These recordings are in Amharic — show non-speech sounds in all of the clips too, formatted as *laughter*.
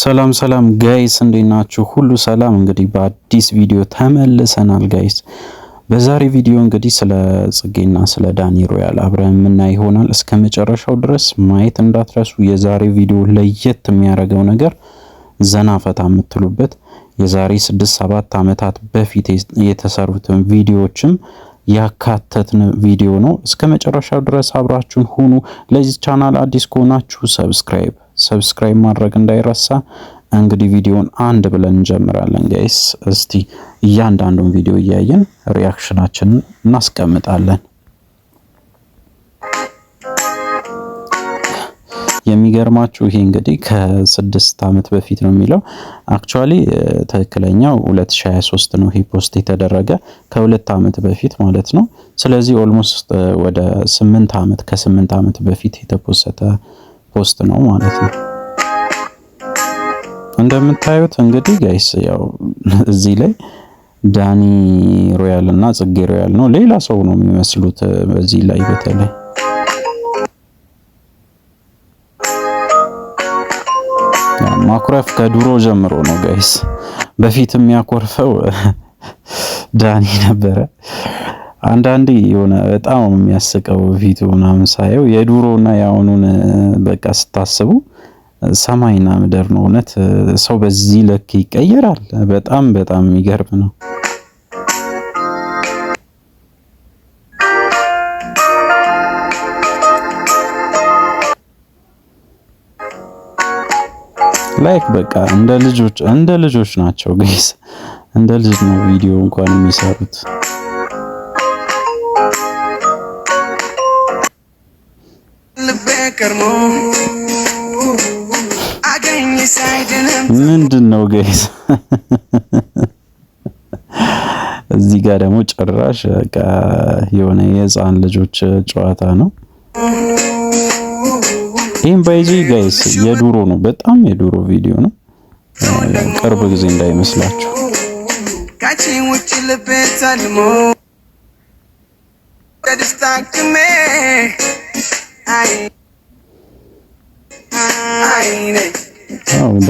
ሰላም ሰላም ጋይስ እንዴት ናችሁ? ሁሉ ሰላም። እንግዲህ በአዲስ ቪዲዮ ተመልሰናል ጋይስ። በዛሬ ቪዲዮ እንግዲህ ስለ ጽጌና ስለ ዳኒ ሮያል አብረን የምናይ ይሆናል። እስከ መጨረሻው ድረስ ማየት እንዳትረሱ። የዛሬ ቪዲዮ ለየት የሚያደርገው ነገር ዘና ፈታ የምትሉበት የዛሬ ስድስት ሰባት ዓመታት በፊት የተሰሩትን ቪዲዮዎችም ያካተትን ቪዲዮ ነው። እስከ መጨረሻው ድረስ አብራችሁን ሁኑ። ለዚህ ቻናል አዲስ ከሆናችሁ ሰብስክራይብ ሰብስክራይብ ማድረግ እንዳይረሳ። እንግዲህ ቪዲዮውን አንድ ብለን እንጀምራለን ጋይስ። እስቲ እያንዳንዱን ቪዲዮ እያየን ሪያክሽናችንን እናስቀምጣለን። የሚገርማችሁ ይሄ እንግዲህ ከስድስት ዓመት በፊት ነው የሚለው። አክቹዋሊ ትክክለኛው 2023 ነው ይሄ ፖስት የተደረገ ከሁለት ዓመት በፊት ማለት ነው። ስለዚህ ኦልሞስት ወደ ስምንት ዓመት ከስምንት ዓመት በፊት የተፖሰተ ፖስት ነው ማለት ነው። እንደምታዩት እንግዲህ ጋይስ ያው እዚህ ላይ ዳኒ ሮያል እና ጽጌ ሮያል ነው። ሌላ ሰው ነው የሚመስሉት በዚህ ላይ በተለይ ማኩረፍ ከድሮ ጀምሮ ነው ጋይስ። በፊት የሚያኮርፈው *laughs* ዳኒ ነበረ። አንዳንዴ የሆነ በጣም የሚያስቀው ፊቱ ምናምን ሳየው የድሮና የአሁኑን በቃ ስታስቡ ሰማይና ምድር ነው። እውነት ሰው በዚህ ልክ ይቀየራል። በጣም በጣም የሚገርም ነው። ላይክ በቃ እንደ ልጆች እንደ ልጆች ናቸው ጋይስ፣ እንደ ልጅ ነው ቪዲዮ እንኳን የሚሰሩት። ከርሞ አገኝ ሳይድንም ምንድን ነው ገይዝ? እዚህ ጋር ደግሞ ጭራሽ በቃ የሆነ የህፃን ልጆች ጨዋታ ነው። ይህም ባይዚ ጋይስ የዱሮ ነው፣ በጣም የዱሮ ቪዲዮ ነው። ቅርብ ጊዜ እንዳይመስላችሁ።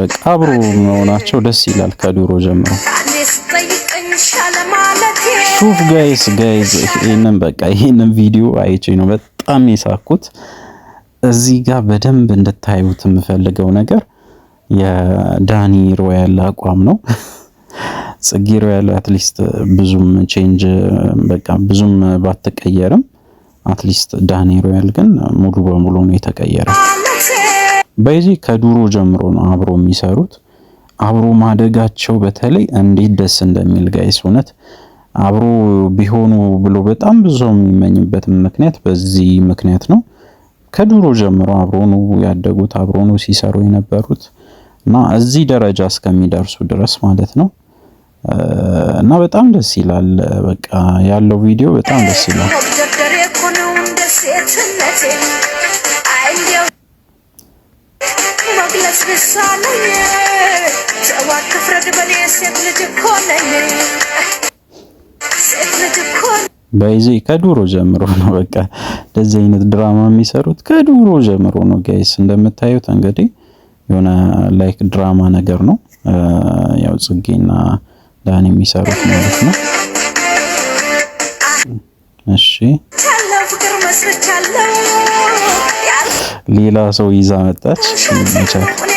በቃ አብሮ መሆናቸው ደስ ይላል ከድሮ ጀምሮ። ሹፍ ጋይስ ጋይስ ይሄንን በቃ ይሄንን ቪዲዮ አይቼ ነው በጣም የሳኩት። እዚህ ጋር በደንብ እንድታዩት የምፈልገው ነገር የዳኒ ሮያል አቋም ነው። *laughs* ጽጌ ሮያል አትሊስት ብዙም ቼንጅ በቃ ብዙም ባትቀየርም አትሊስት ዳኒ ሮያል ግን ሙሉ በሙሉ ነው የተቀየረ። በዚህ ከዱሮ ጀምሮ ነው አብሮ የሚሰሩት። አብሮ ማደጋቸው በተለይ እንዴት ደስ እንደሚል ጋይስ እውነት አብሮ ቢሆኑ ብሎ በጣም ብዙ የሚመኝበት ምክንያት በዚህ ምክንያት ነው። ከዱሮ ጀምሮ አብሮ ነው ያደጉት፣ አብሮ ነው ሲሰሩ የነበሩት እና እዚህ ደረጃ እስከሚደርሱ ድረስ ማለት ነው። እና በጣም ደስ ይላል። በቃ ያለው ቪዲዮ በጣም ደስ ይላል። ተሳለኝ ጨዋት ክፍረድ በኔ ሴት ልጅ እኮ ነኝ ሴት ልጅ እኮ በይዜ ከዱሮ ጀምሮ ነው። በቃ እንደዚህ አይነት ድራማ የሚሰሩት ከዱሮ ጀምሮ ነው ጋይስ። እንደምታዩት እንግዲህ የሆነ ላይክ ድራማ ነገር ነው ያው ጽጌና ዳን የሚሰሩት ማለት ነው። እሺ ሌላ ሰው ይዛ መጣች መቻት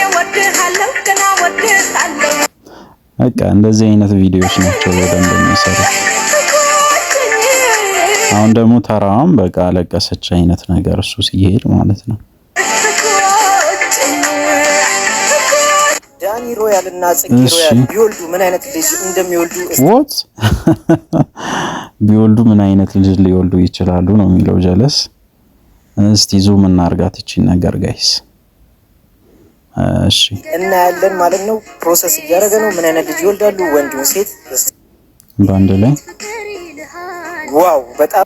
በቃ እንደዚህ አይነት ቪዲዮዎች ናቸው በደንብ የሚሰሩት። አሁን ደግሞ ተራዋም በቃ አለቀሰች አይነት ነገር እሱ ሲሄድ ማለት ነው። ዳኒ ሮያል እና ጽጌ ሮያል ቢወልዱ ምን አይነት ልጅ እንደሚወልዱ ወት *laughs* ቢወልዱ ምን አይነት ልጅ ሊወልዱ ይችላሉ ነው የሚለው ጀለስ። እስቲ ዙም እናርጋት ይችን ነገር ጋይስ እሺ እናያለን ማለት ነው። ፕሮሰስ እያደረገ ነው። ምን አይነት ልጅ ይወልዳሉ? ወንድ ሴት በአንድ ላይ ዋው! በጣም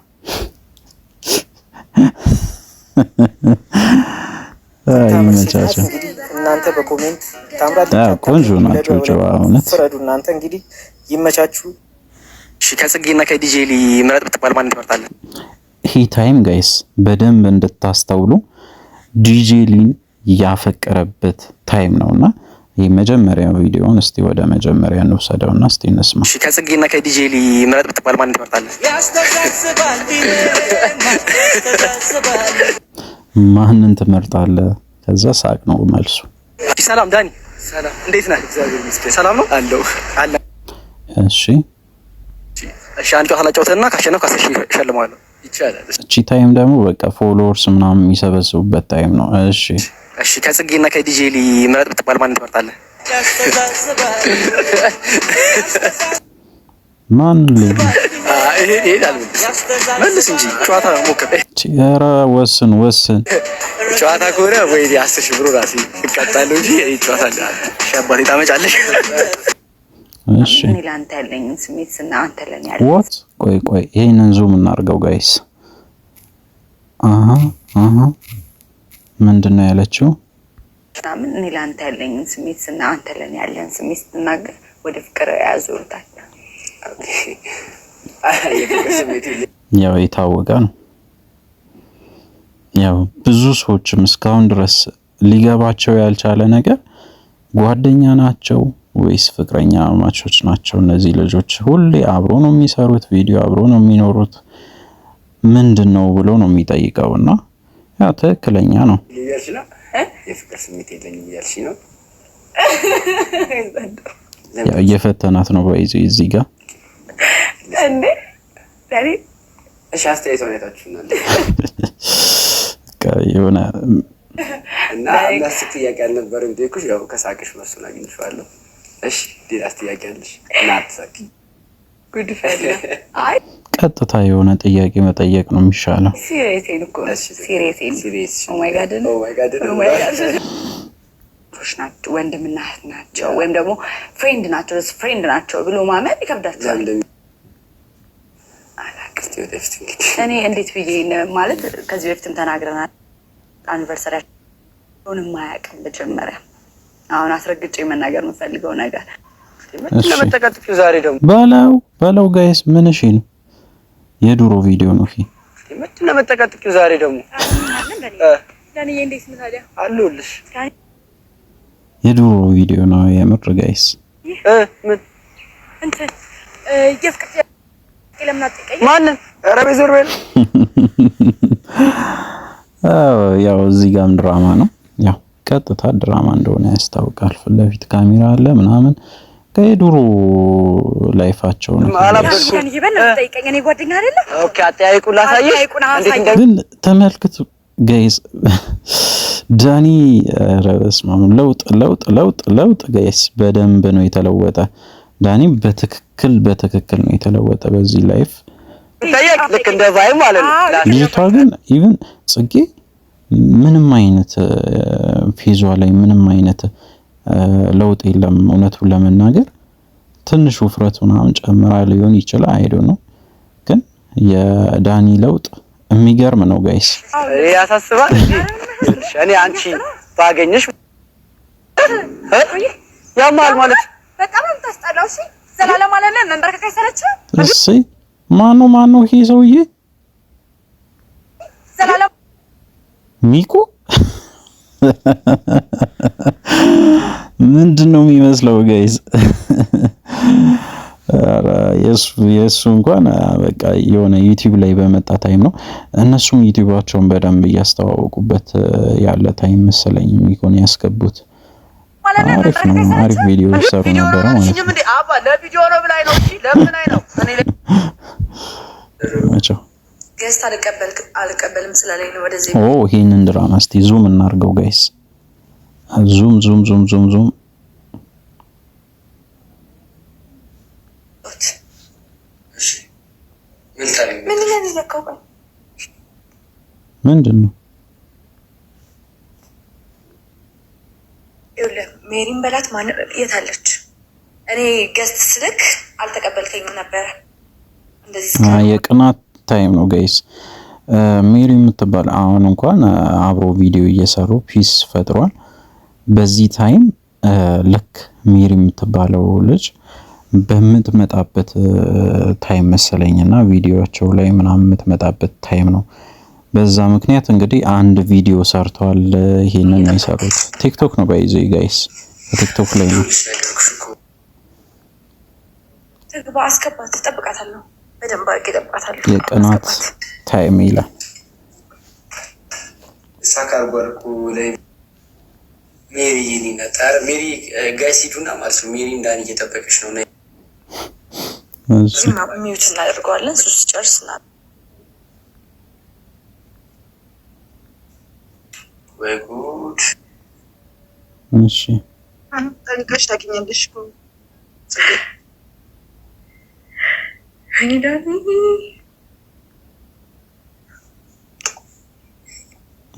ይመቻቸው። እናንተ በኮሜንት ታምራላችሁ። ቆንጆ ናቸው። ጨዋ እውነት ፍረዱ። እናንተ እንግዲህ ይመቻችሁ። እሺ ከጽጌና ከዲጄ ሊ ምረጥ ብትባል ማን ትመርጣለህ? ሂ ታይም ጋይስ በደንብ እንድታስተውሉ ዲጄ ሊን ያፈቀረበት ታይም ነውና የመጀመሪያው ቪዲዮን እስቲ ወደ መጀመሪያ እንውሰደውና እስቲ እንስማ። ከጽጌና ከዲጄ ልምረጥ ብትባል ማን ትመርጣለህ? ማንን ትመርጣለህ? ከዛ ሳቅ ነው መልሱ። ሰላም ዳኒ፣ እንዴት ነህ? ሰላም ነው አለው አለ። እሺ እሺ፣ አንተ ካላጫውተና ካሸነፍ ካሰሽ እሸልማለሁ። ይቻላል። እቺ ታይም ደግሞ በቃ ፎሎወርስ ምናምን የሚሰበስቡበት ታይም ነው። እሺ እሺ ከጽጌና ከዲጄ ሊ ምረጥ ብትባል ማን ትመርጣለህ? ማን መልስ እንጂ ጨዋታ ሞከር። ኧረ ወስን ወስን። ጨዋታ ከሆነ ወይ አስር ሺህ ብሩ ራሴ እቀጣለሁ እንጂ ጨዋታ ሻባቴ ታመጫለሽ። እሺ ለአንተ ያለኝን ስሜት ስና አንተ ለኔ ያለኝ ወት ቆይ ቆይ፣ ይሄንን ዙም እናድርገው ጋይስ። አሃ አሃ ምንድን ነው ያለችው? ምናምን እኔ ለአንተ ያለኝን ስሜት ስና አንተ ለን ያለን ስሜት ስትናገር ወደ ፍቅር ያዞሩታል። ያው የታወቀ ነው። ያው ብዙ ሰዎችም እስካሁን ድረስ ሊገባቸው ያልቻለ ነገር ጓደኛ ናቸው ወይስ ፍቅረኛ ማቾች ናቸው? እነዚህ ልጆች ሁሌ አብሮ ነው የሚሰሩት ቪዲዮ፣ አብሮ ነው የሚኖሩት ምንድን ነው ብሎ ነው የሚጠይቀው ና? ያው ትክክለኛ ነው የፍቅር ስሜት የለኝም እያልሽ ነው። ያው እየፈተናት ነው። ባይዙ እዚህ ጋር የሆነ እና አምስት ጥያቄ አልነበረም የጠየኩሽ። ያው ከሳቅሽ መሱን አግኝቼዋለሁ። እሺ ሌላስ ጥያቄ አለሽ? እና አትሳቂ ጉድ ፈላ አይ ቀጥታ የሆነ ጥያቄ መጠየቅ ነው የሚሻለው። ወንድምና እህት ናቸው ወይም ደግሞ ፍሬንድ ናቸው ፍሬንድ ናቸው ብሎ ማመን ይከብዳቸዋል። እኔ እንዴት ብዬ ማለት ከዚህ በፊትም ተናግረናል። አኒቨርሰሪያቸውን የማያውቅም መጀመሪያ አሁን አስረግጬ መናገር የምፈልገው ነገር ለመጠቀጥ ዛሬ ደግሞ በለው በለው ጋይስ ምንሽ ነው የድሮ ቪዲዮ ነው። ምንድን ነው የምጠቀጥቂው ዛሬ ደግሞ? አለሁልሽ። የድሮ ቪዲዮ ነው የምር ጋይስ። *laughs* ያው እዚህ ጋም ድራማ ነው። ያው ቀጥታ ድራማ እንደሆነ ያስታውቃል። ፊት ለፊት ካሜራ አለ ምናምን ከድሮ ላይፋቸው ነው። ግን ተመልክት ጋይስ ዳኒ ረበስማም ለውጥ ለውጥ ለውጥ ለውጥ ጋይስ በደንብ ነው የተለወጠ። ዳኒ በትክክል በትክክል ነው የተለወጠ በዚህ ላይፍ። ልጅቷ ግን ኢቭን ጽጌ ምንም አይነት ፌዟ ላይ ምንም አይነት ለውጥ የለም። እውነቱን ለመናገር ትንሽ ውፍረት ምናምን ጨምራ ሊሆን ይችላል። አይዶ ነው ግን የዳኒ ለውጥ የሚገርም ነው ጋይስ። ያሳስባል። እኔ አንቺ ባገኘሽ ያማል ማለት በጣም የምታስጠላው እሺ። ዘላለም አለ መንበርከክ አይሰለችም። እሺ ማኑ ማኑ ይሄ ሰውዬ ዘላለም ሚቁ *laughs* ምንድን ነው የሚመስለው ጋይዝ? የእሱ እንኳን በቃ የሆነ ዩቲዩብ ላይ በመጣ ታይም ነው። እነሱም ዩቲዩባቸውን በደንብ እያስተዋወቁበት ያለ ታይም መሰለኝ ሚኮን ያስገቡት። አሪፍ ነው፣ አሪፍ ቪዲዮ ይሰሩ ነበረ ማለት ነው። ገዝታ አልቀበልም ስላለኝ ነው ወደዚህ። ኦ ይህንን ድራማ እስቲ ዙም እናርገው ጋይስ ዙም ዙም ዙም ዙም ዙም ምንድን ነው? ሜሪን በላት። ማን የት አለች? እኔ ገዝት ስልክ አልተቀበልከኝም ነበረ። የቅናት ታይም ነው ጋይስ። ሜሪ የምትባል አሁን እንኳን አብሮ ቪዲዮ እየሰሩ ፒስ ፈጥሯል። በዚህ ታይም ልክ ሜሪ የምትባለው ልጅ በምትመጣበት ታይም መሰለኝ እና ቪዲዮቸው ላይ ምናምን የምትመጣበት ታይም ነው። በዛ ምክንያት እንግዲህ አንድ ቪዲዮ ሰርተዋል። ይሄንን የሰሩት ቲክቶክ ነው። ባይዘ ጋይስ ቲክቶክ ላይ ነው። የቅናት ታይም ይላል። ሜሪ የኔነት ኧረ ሜሪ ጋይስ ሂዱና ማለት ነው። ሜሪ እንዳን እየጠበቀች ነው። ሚዩት እናደርገዋለን። ሱስ ጨርስ ና ወይ ጉድ! እሺ ጠንቅቀሽ ታገኛለሽ። እኔ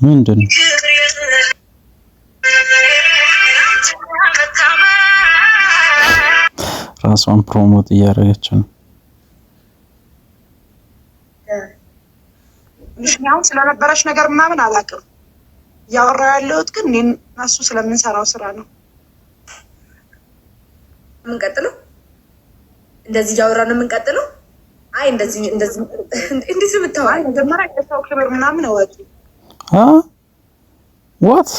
ምንድን ነው ራሷን ፕሮሞት እያደረገች ነው። ምክንያቱም ስለነበረች ነገር ምናምን አላውቅም። እያወራሁ ያለሁት ግን እኔ እና እሱ ስለምንሰራው ስራ ነው። የምንቀጥለው እንደዚህ እያወራ ነው የምንቀጥለው። አይ እንደዚህ እንደዚህ እንደዚህ የምታወራ መጀመሪያ የሰው ክብር ምናምን አወቂ ዋት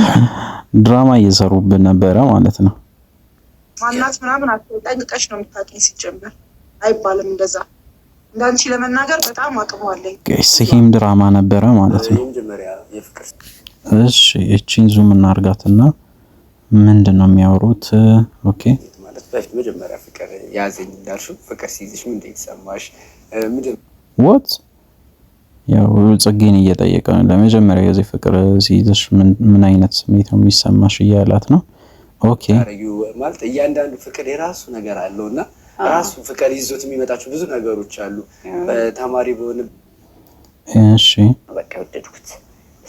*laughs* ድራማ እየሰሩብን ነበረ ማለት ነው። ማናት ምናምን አጠንቅቀሽ ነው የምታውቂኝ። ሲጀምር አይባልም እንደዛ። እንዳንቺ ለመናገር በጣም አቅመዋለኝ። ይህም ድራማ ነበረ ማለት ነው። እሺ እቺን ዙም እናርጋትና ምንድን ነው የሚያወሩት? ኦኬ መጀመሪያ ፍቅር ያዘኝ እንዳልሽው ፍቅር ሲይዝሽ ምን እንደተሰማሽ ወት ያው ጽጌን እየጠየቀ ለመጀመሪያ ጊዜ ፍቅር ሲይዝሽ ምን አይነት ስሜት ነው የሚሰማሽ እያላት ነው ማለት እያንዳንዱ ፍቅር የራሱ ነገር አለው እና ራሱ ፍቅር ይዞት የሚመጣቸው ብዙ ነገሮች አሉ። ተማሪ በሆነ እሺ በቃ የወደድኩት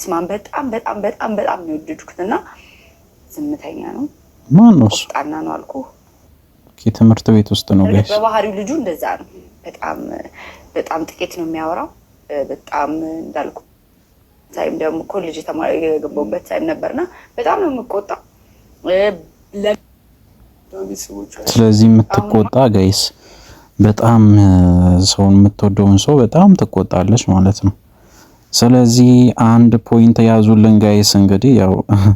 ስማን በጣም በጣም በጣም በጣም የወደድኩት እና ዝምተኛ ነው። ማን ነው? ቁጣና ነው አልኩ። ትምህርት ቤት ውስጥ ነው። በባህሪው ልጁ እንደዛ ነው። በጣም በጣም ጥቂት ነው የሚያወራው። በጣም እንዳልኩ ሳይም ደግሞ ኮሌጅ የተማሪ የገባሁበት ሳይም ነበርና በጣም ነው የምቆጣው ስለዚህ የምትቆጣ ጋይስ በጣም ሰውን የምትወደውን ሰው በጣም ትቆጣለች ማለት ነው። ስለዚህ አንድ ፖይንት ያዙልን ጋይስ። እንግዲህ ያው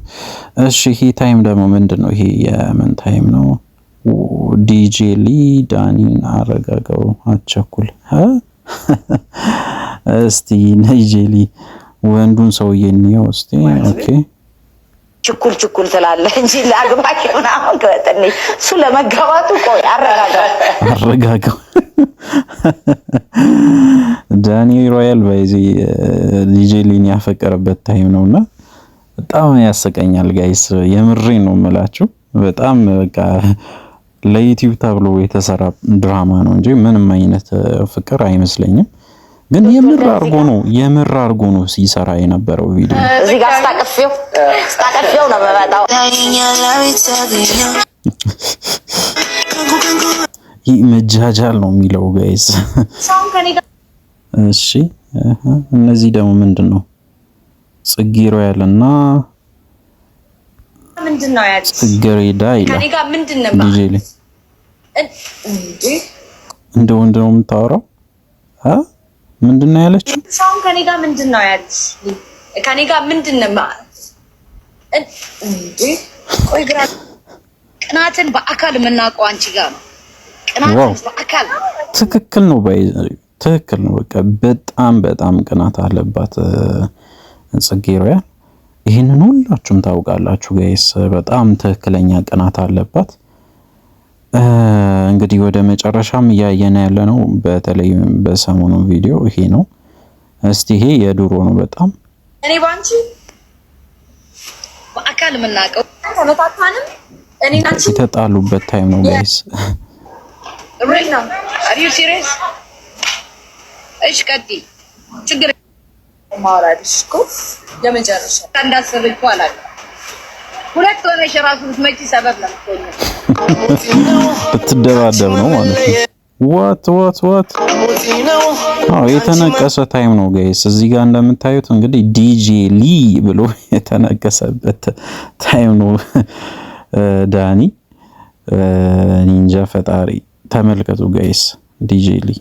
*laughs* እሺ፣ ይሄ ታይም ደግሞ ምንድን ነው? ይሄ የምን ታይም ነው? ዲጄ ሊ ዳኒን አረጋጋው፣ አቸኩል *laughs* እስቲ ነጄሊ ወንዱን ሰውዬ እንየው እስቲ ኦኬ ችኩል ችኩል ትላለህ እንጂ ለአግባቂ አሁን ትንሽ እሱ ለመጋባቱ ቆይ አረጋጋ አረጋጋ ዳኒ ሮያል በዚ ዲጄ ሊን ያፈቀረበት ታይም ነው እና በጣም ያሰቀኛል ጋይስ፣ የምሬ ነው የምላችሁ። በጣም በቃ ለዩቲዩብ ተብሎ የተሰራ ድራማ ነው እንጂ ምንም አይነት ፍቅር አይመስለኝም። ግን የምር አድርጎ ነው የምር አድርጎ ነው ሲሰራ የነበረው ቪዲዮ። እዚህ ጋር ስታቀፊው ስታቀፊው ነው የሚመጣው። ይህ መጃጃል ነው የሚለው ጋይስ። እሺ እነዚህ ደግሞ ምንድን ነው? ጽጌ ሮያል እና ጽጌረዳ ይላል። እንደ ወንድ ነው የምታወራው ምንድን ነው ያለችው? ሰውን ከኔ ጋር ምንድን ነው ያለች? ከኔ ጋር ምንድን ነው ቆይ፣ ግራ ቅናትን በአካል የምናውቀው አንቺ ጋር ነው። ቅናትን በአካል ትክክል ነው በይ፣ ትክክል ነው። በቃ በጣም በጣም ቅናት አለባት ጽጌ ሮያል። ይህንን ሁላችሁም ታውቃላችሁ ጋይስ። በጣም ትክክለኛ ቅናት አለባት። እንግዲህ ወደ መጨረሻም እያየን ያለ ነው። በተለይ በሰሞኑ ቪዲዮ ይሄ ነው። እስቲ ይሄ የድሮ ነው በጣም እኔ ባንቺ በአካል የምናውቀው ተመታታንም እኔ ናንቺ የተጣሉበት ታይም ነው ጋይስ። ሪና አር ዩ ሲሪየስ? እሺ ቀዲ ችግር ማውራድሽ እኮ የመጨረሻ እንዳሰብኩ አላውቅም ሁለት ሆነሽ ራሱ ብትመጪ ሰበብ ለምትሆኝ ብትደባደብ ነው ማለት ነው። ዋት ዋት ዋት! አዎ የተነቀሰ ታይም ነው ጋይስ። እዚህ ጋር እንደምታዩት እንግዲህ ዲጄ ሊ ብሎ *laughs* የተነቀሰበት ታይም ነው። ዳኒ ኒንጃ ፈጣሪ ተመልከቱ ጋይስ። ዲጄ ሊ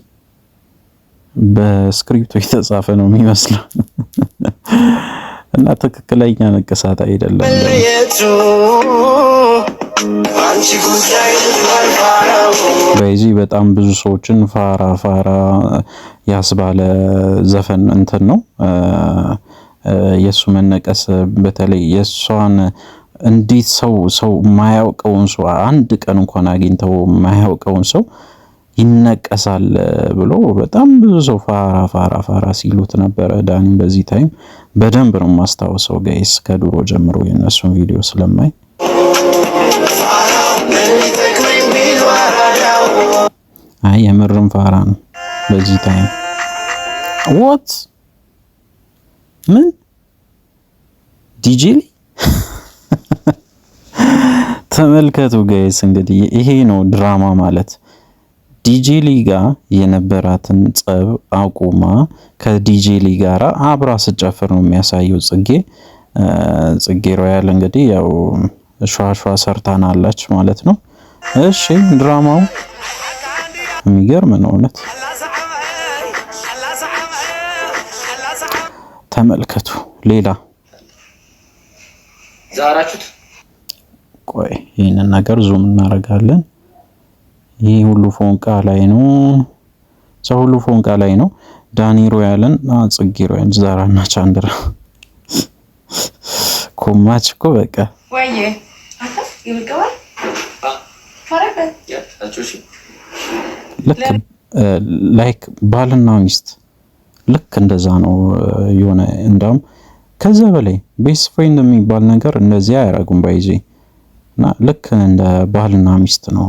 በስክሪፕቱ የተጻፈ ነው የሚመስለው። *laughs* እና ትክክለኛ ንቅሳት አይደለም። በዚህ በጣም ብዙ ሰዎችን ፋራ ፋራ ያስባለ ዘፈን እንትን ነው የእሱ መነቀስ። በተለይ የእሷን እንዴት ሰው ሰው የማያውቀውን ሰው አንድ ቀን እንኳን አግኝተው የማያውቀውን ሰው ይነቀሳል ብሎ በጣም ብዙ ሰው ፋራ ፋራ ፋራ ሲሉት ነበረ። ዳኒ በዚህ ታይም በደንብ ነው ማስታወሰው ጋይስ፣ ከድሮ ጀምሮ የእነሱን ቪዲዮ ስለማይ አይ የምርም ፋራ ነው በዚህ ታይም ት ምን ዲጂሊ ተመልከቱ ጋይስ። እንግዲህ ይሄ ነው ድራማ ማለት ዲጂ ሊጋ የነበራትን ጸብ አቁማ ከዲጄሊ ጋራ አብራ ስጨፍር ነው የሚያሳየው። ጽጌ ጽጌ ሮያል እንግዲህ ያው ሸዋሸዋ ሰርታን አላች ማለት ነው። እሺ ድራማው የሚገርም ነው እውነት ተመልከቱ። ሌላ ዛራችሁት ቆይ ይህንን ነገር ዙም እናደርጋለን። ይህ ሁሉ ፎንቃ ላይ ነው። ሰው ሁሉ ፎንቃ ላይ ነው። ዳኒ ሮያልን ጽጌ ሮያል ዛራና ቻንድራ ኮማች እኮ በቃ ወይ ላይክ ባልና ሚስት ልክ እንደዛ ነው የሆነ እንዳም ከዛ በላይ ቤስት ፍሬንድ የሚባል ነገር እንደዚህ አያረጉም ባይዜ እና ልክ እንደ ባልና ሚስት ነው።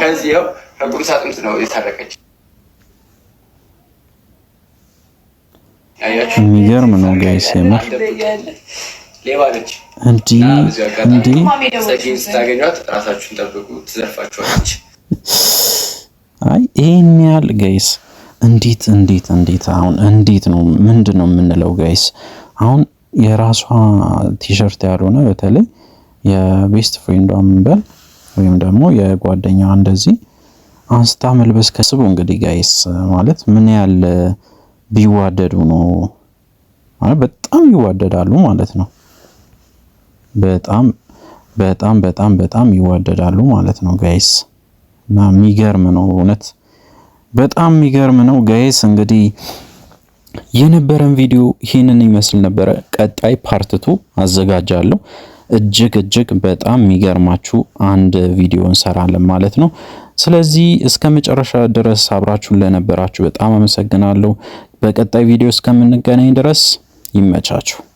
ከዚህ ው ከቁም ሳጥን ነው የታረቀች። የሚገርም ነው ጋይስ፣ የምር እንዲህ እንዲህ ስታገኟት ራሳችሁን ጠብቁ፣ ትዘርፋችኋለች። አይ ይህን ያህል ጋይስ፣ እንዴት እንዴት እንዴት አሁን እንዴት ነው ምንድን ነው የምንለው ጋይስ? አሁን የራሷ ቲሸርት ያልሆነ በተለይ የቤስት ፍሬንዷ ምንበል ወይም ደግሞ የጓደኛዋ እንደዚህ አንስታ መልበስ ከስቡ እንግዲህ ጋይስ ማለት ምን ያል ቢዋደዱ ነው ማለት በጣም ይዋደዳሉ ማለት ነው። በጣም በጣም በጣም በጣም ይዋደዳሉ ማለት ነው ጋይስ እና የሚገርም ነው እውነት በጣም የሚገርም ነው ጋይስ። እንግዲህ የነበረን ቪዲዮ ይህንን ይመስል ነበረ። ቀጣይ ፓርት አዘጋጃለሁ። እጅግ እጅግ በጣም የሚገርማችሁ አንድ ቪዲዮ እንሰራለን ማለት ነው። ስለዚህ እስከ መጨረሻ ድረስ አብራችሁን ለነበራችሁ በጣም አመሰግናለሁ። በቀጣይ ቪዲዮ እስከምንገናኝ ድረስ ይመቻችሁ።